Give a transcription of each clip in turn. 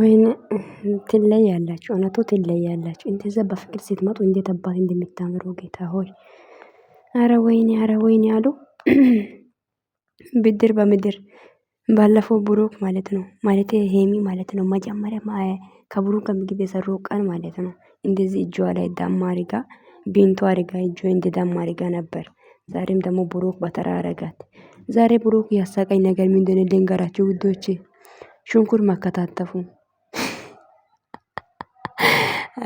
ወይኔ ትለያላችሁ፣ እውነቱ ትለያላችሁ። እንደዛ በፍቅር ስትመጡ እንዴት አባት እንደሚታምሩ ጌታ ሆይ! አረ ወይኔ፣ አረ ወይኔ አሉ ብድር በምድር ባለፈው ብሩክ ማለት ነው ማለት ሄሚ ማለት ነው መጀመሪያ ከብሩክ ከምግብ የሰሩ ቀን ማለት ነው እንደዚህ እጇ ላይ ዳማ አሪጋ ቢንቶ አሪጋ እጇ እንደ ዳማ አሪጋ ነበር። ዛሬም ደግሞ ብሩክ በተራረጋት። ዛሬ ብሩክ ያሳቀኝ ነገር ምንድን ልንገራችሁ ውዶቼ ሽንኩር መከታተፉ።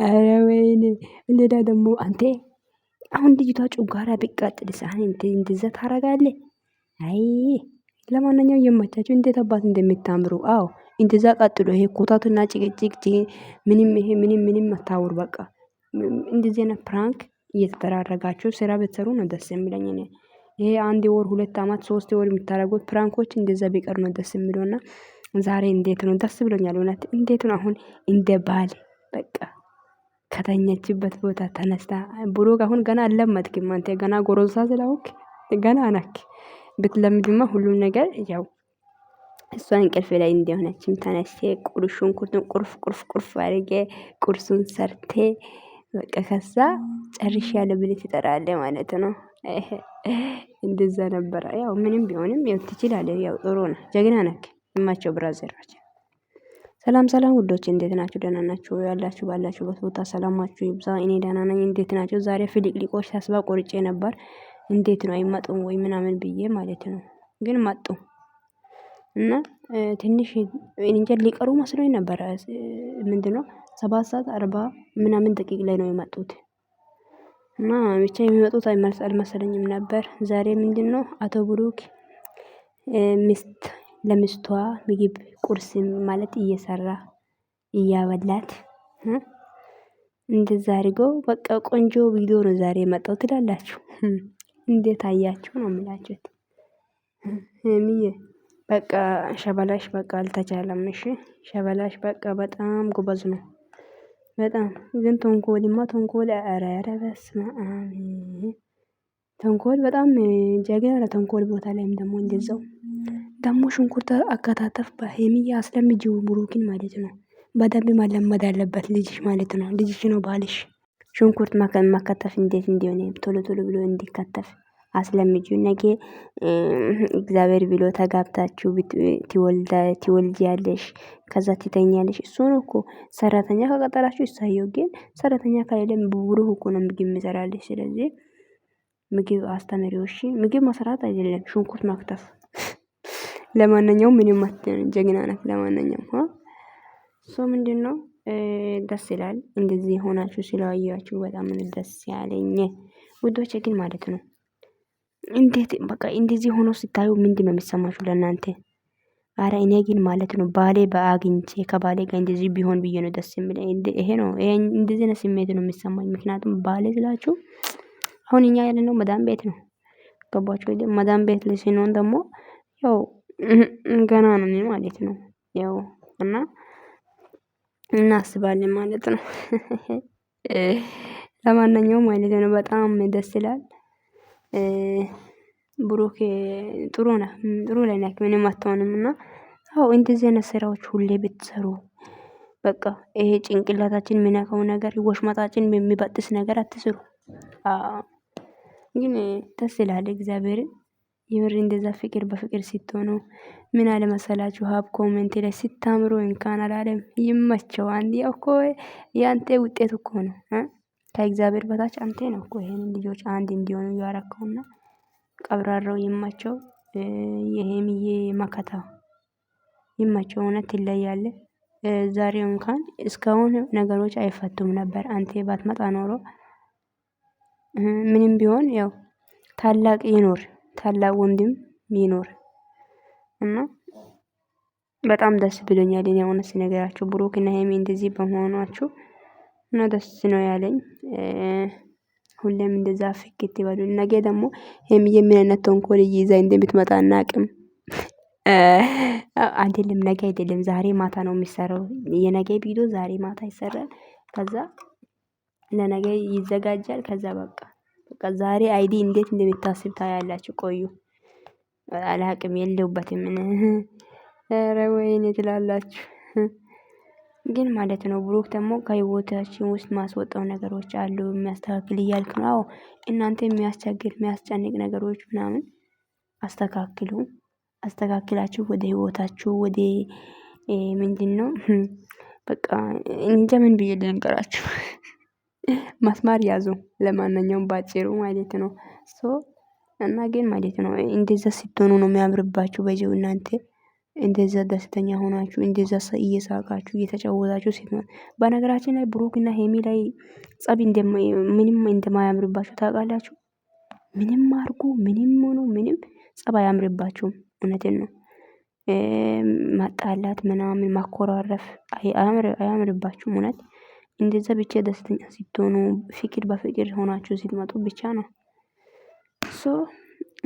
ኧረ ወይኔ እንደዳ ደግሞ አንቴ አሁን ልጅቷ ጭጓራ ቢቃጥልስ አንተ እንደዛ ታረጋለ አይ ለማንኛው የማቻቸው እንዴት አባት እንደሚታምሩ አዎ፣ እንደዛ ቀጥሎ ይሄ ኮታቱና ጭቅጭቅ ምንም ይሄ ምንም ምንም አታውር። በቃ እንደዚህ አይነት ፕራንክ እየተደራረጋችሁ ስራ ብትሰሩ ነው ደስ የሚለኝ እኔ። ይሄ አንድ ወር ሁለት አመት ሶስት ወር የምታደርጉት ፕራንኮች እንደዛ ቢቀር ነው ደስ የሚለውና ዛሬ እንዴት ነው ደስ ብሎኛል። እውነት እንዴት ነው አሁን እንደ ባል በቃ ከተኛችበት ቦታ ተነስታ ብሩክ አሁን ገና አለመድክም አንተ ገና ጎረዛ ስለሆንክ ገና ነክ ብትለምድማ ሁሉም ነገር ያው እሷ እንቅልፍ ላይ እንደሆነችም ተነስቴ ቁርሹን ኩርቱን ቁርፍ ቁርፍ ቁርፍ አድርጌ ቁርሱን ሰርቴ በቃ ከዛ ጨርሽ ያለ ብልት ይጠራለ ማለት ነው። እንደዛ ነበረ። ያው ምንም ቢሆንም ያው ትችላለ። ያው ጥሩ ነው። ጀግና ነክ እማቸው ብራዘር ሰላም ሰላም ውዶች እንዴት ናችሁ? ደህና ናችሁ ያላችሁ ባላችሁበት ቦታ ሰላማችሁ ይብዛ። እኔ ደህና ነኝ። እንዴት ናቸው? ዛሬ ፍሊቅሊቆች ተስባ ቆርጬ ነበር። እንዴት ነው አይመጡም ወይ ምናምን ብዬ ማለት ነው። ግን መጡ እና ትንሽ እንጀል ሊቀሩ መስሎኝ ነበረ። ምንድን ነው ሰባት ሰዓት አርባ ምናምን ደቂቅ ላይ ነው የመጡት እና ብቻ የሚመጡት አልመሰለኝም ነበር። ዛሬ ምንድን ነው አቶ ብሩክ ሚስት ለምስቷ ምግብ ቁርስ ማለት እየሰራ እያበላት እንደዛ አድርጎ በቃ ቆንጆ ቪዲዮ ነው ዛሬ የመጣው ትላላችሁ። እንዴት አያችሁ ነው የምላችሁት። ሀይሚዬ በቃ ሸበላሽ በቃ አልተቻለም። እሺ ሸበላሽ በቃ በጣም ጎበዝ ነው። በጣም ግን ተንኮልማ ተንኮል አረረ በስማ አብ ተንኮል በጣም ጀግና ተንኮል ቦታ ላይም ደግሞ እንደዛው ደግሞ ሽንኩርት አከታተፍ በሄሚያ አስለምጂው ብሩክን ማለት ነው። በደንብ መለመድ አለበት ልጅሽ ማለት ነው። ልጅሽ ነው ባልሽ ሽንኩርት መከተፍ እንዴት እንዲሆነ ቶሎ ቶሎ ብሎ እንዲከተፍ አስለምጂ። ነገ እግዚአብሔር ብሎ ተጋብታችሁ ያለሽ ከዛ ትተኛለሽ። እሱን እኮ ሰራተኛ ከቀጠራችሁ ይሳየው፣ ግን ሰራተኛ ከሌለ ብሩክ እኮ ነው ምግብ የሚሰራልሽ። ስለዚህ ምግብ አስተምሪው። ምግብ መስራት አይደለም ሽንኩርት መክተፍ ለማንኛውም ምንም አትሆን ጀግና ናት። ለማንኛውም ሆ ሶ ምንድን ነው ደስ ይላል እንደዚህ ሆናችሁ ስለዋያችሁ በጣም ደስ ያለኝ ውዶቼ። ግን ማለት ነው እንዴት በቃ እንደዚህ ሆኖ ስታዩ ምንድን ነው የሚሰማችሁ ለእናንተ? አረ እኔ ግን ማለት ነው ባሌ በአግኝቼ ከባሌ ጋር እንደዚህ ቢሆን ብዬ ነው ደስ የሚል። ይሄ ነው እንደዚህ ነው ስሜት ነው የሚሰማኝ። ምክንያቱም ባሌ ስላችሁ አሁን እኛ ያለ ነው መዳም ቤት ነው ገባችሁ? መዳም ቤት ላይ ደግሞ ያው ገና ነው ማለት ነው። ያው እና እናስባለን ማለት ነው። ለማንኛውም ማለት ነው በጣም ደስ ይላል። ብሩክ ጥሩ ነህ፣ ጥሩ ላይ ነህ፣ ምንም አትሆንም። እና አዎ እንደዚህ አይነት ስራዎች ሁሌ ብትሰሩ በቃ ይሄ ጭንቅላታችን የሚነካው ነገር ወሽመጣችን የሚበጥስ ነገር አትስሩ። ግን ደስ ይላል እግዚአብሔርን የምር እንደዛ ፍቅር በፍቅር ስትሆኑ ምን አለ መሰላችሁ፣ ሀብ ኮሜንት ላይ ስታምሩ እንኳን አላለም ይመቸው። አንድ ያው እኮ የአንተ ውጤት እኮ ነው ከእግዚአብሔር በታች አንተ ነው እኮ ይሄንን ልጆች አንድ እንዲሆኑ ያረከውና ቀብራራው ይመቸው። ይሄም መከታ ይመቸው። እውነት ይለያለ። ዛሬው እንኳን እስካሁን ነገሮች አይፈቱም ነበር አንተ ባትመጣ ኖሮ ምንም ቢሆን ያው ታላቅ ይኖር ታላቅ ወንድም ሚኖር እና በጣም ደስ ብሎኛል። እኔ እውነት ስነግራችሁ እና ሄሜ እንደዚህ በመሆኗችሁ እና ደስ ነው ያለኝ። ሁሌም እንደዛ ፍክት ይበሉ። ነገ ደግሞ ሄሜዬ ምን አይነት ተንኮል ይዛ እንደምትመጣ አናቅም። አይደለም ነገ አይደለም ዛሬ ማታ ነው የሚሰራው። የነገ ቪዲዮ ዛሬ ማታ ይሰራል። ከዛ ለነገ ይዘጋጃል። ከዛ በቃ በቃ ዛሬ አይዲ እንዴት እንደሚታስብ ታያላችሁ። ቆዩ አላቅም የለውበትም። ኧረ ወይኔ ትላላችሁ ግን ማለት ነው። ብሩክ ደግሞ ከህይወታችን ውስጥ ማስወጣው ነገሮች አሉ የሚያስተካክል እያልክ ነው። እናንተ የሚያስቸግር የሚያስጨንቅ ነገሮች ምናምን አስተካክሉ። አስተካክላችሁ ወደ ህይወታችሁ ወደ ምንድን ነው በቃ እንጃ ምን ብዬ ልንገራችሁ። መስማር ያዙ ለማንኛውም ባጭሩ ማለት ነው። ሶ እና ግን ማለት ነው እንደዛ ስትሆኑ ነው የሚያምርባችሁ በዚሁ እናንተ እንደዛ ደስተኛ ሆናችሁ እንደዛ እየሳቃችሁ እየተጫወታችሁ ስትሆን በነገራችን ላይ ና ሄሚ ላይ ጸብ ምንም እንደማያምርባችሁ ታውቃላችሁ። ምንም አርጉ ምንም ሆኖ ምንም ፀብ አያምርባችሁም። እውነትን ነው። ማጣላት ምናምን ማኮራረፍ አያምርባችሁም እውነት እንደዛ ብቻ ደስተኛ ስትሆኑ ፍቅር በፍቅር ሆናችሁ ስትመጡ ብቻ ነው። ሶ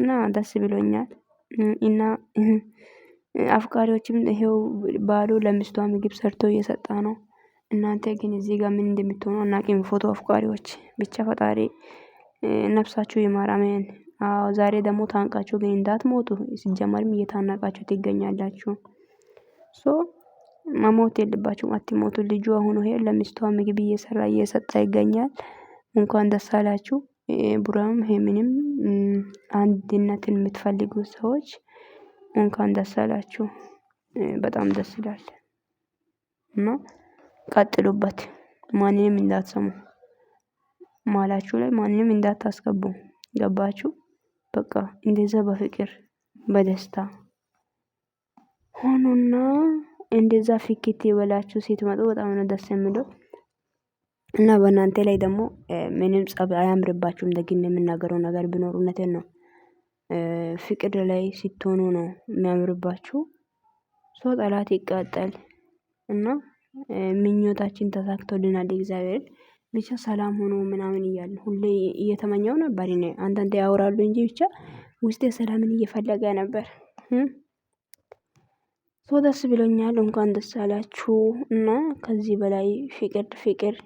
እና ደስ ብሎኛል። እና አፍቃሪዎችም ይሄው ባሉ ለሚስቷ ምግብ ሰርቶ እየሰጣ ነው። እናንተ ግን እዚህ ጋር ምን እንደምትሆኑ አናቅም። ፎቶ አፍቃሪዎች ብቻ ፈጣሪ ነፍሳችሁ ይማር አዎ ዛሬ ደግሞ ታንቃችሁ ግን እንዳትሞቱ ሲጀመርም እየታናቃችሁ ትገኛላችሁ። ሶ መሞት የለባቸውም። አትሞቱ። ልጁ አሁን ይሄ ለሚስቷ ምግብ እየሰራ እየሰጣ ይገኛል። እንኳን ደስ አላችሁ። ቡራም ሄምንም አንድነትን የምትፈልጉ ሰዎች እንኳን ደስ አላችሁ። በጣም ደስ ይላል እና ቀጥሉበት። ማንንም እንዳትሰሙ፣ ማላችሁ ላይ ማንንም እንዳታስገቡ። ገባችሁ? በቃ እንደዛ በፍቅር በደስታ ሆኑና እንደዛ ፊክት የበላችሁ ስትመጡ በጣም ነው ደስ የሚለው እና በእናንተ ላይ ደግሞ ምንም ጸብ አያምርባችሁም። ደግሜ የምናገረው ነገር ቢኖር እውነቴን ነው። ፍቅር ላይ ስትሆኑ ነው የሚያምርባችሁ። ሰው ጠላት ይቃጠል እና ምኞታችን ተሳክቶልናል። እግዚአብሔር ብቻ ሰላም ሆኖ ምናምን እያለ ሁሌ እየተመኘው ነበር። አንዳንዴ ያወራሉ እንጂ ብቻ ውስጤ ሰላምን እየፈለገ ነበር። ሰው ደስ ብሎኛል። እንኳን ደስ አላችሁ እና ከዚህ በላይ ፍቅር ፍቅር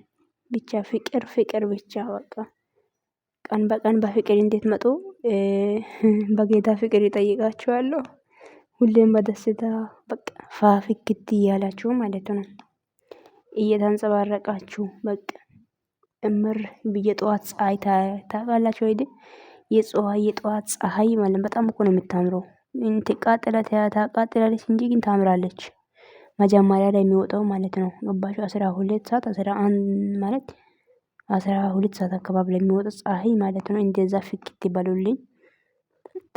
ብቻ ፍቅር ፍቅር ብቻ በቃ ቀን በቀን በፍቅር እንዴት መጡ በጌታ ፍቅር ይጠይቃችኋለሁ። ሁሌም በደስታ በቃ ፋፍክት እያላችሁ ማለት ነው እየተንጸባረቃችሁ በቃ እምር ብዬ ጠዋት ፀሐይ ታውቃላችሁ ወይ? የጠዋት ፀሐይ ማለት በጣም እኮ ነው የምታምረው። ትቃጠላት ታቃጥላለች እንጂ ግን ታምራለች። መጀመሪያ ላይ የሚወጣው ማለት ነው ገባሽ? አስራ ሁለት ሰዓት አስራ አንድ ማለት አስራ ሁለት ሰዓት አካባቢ ላይ የሚወጣው ፀሐይ ማለት ነው። እንደዛ ፍክት ይበሉልኝ፣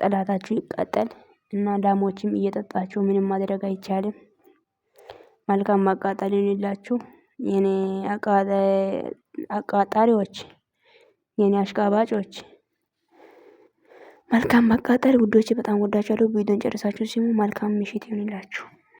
ጠላታችሁ ይቃጠል እና ላሞችም እየጠጣችሁ ምንም ማድረግ አይቻልም። መልካም ማቃጠል ይሁንላችሁ። የኔ አቃጣሪዎች፣ የኔ አሽቃባጮች መልካም መቃጠል ውዶች፣ በጣም ወዳችኋለሁ። ቪዲዮን ጨርሳችሁ ሲሙ መልካም ምሽት ይሁንላችሁ።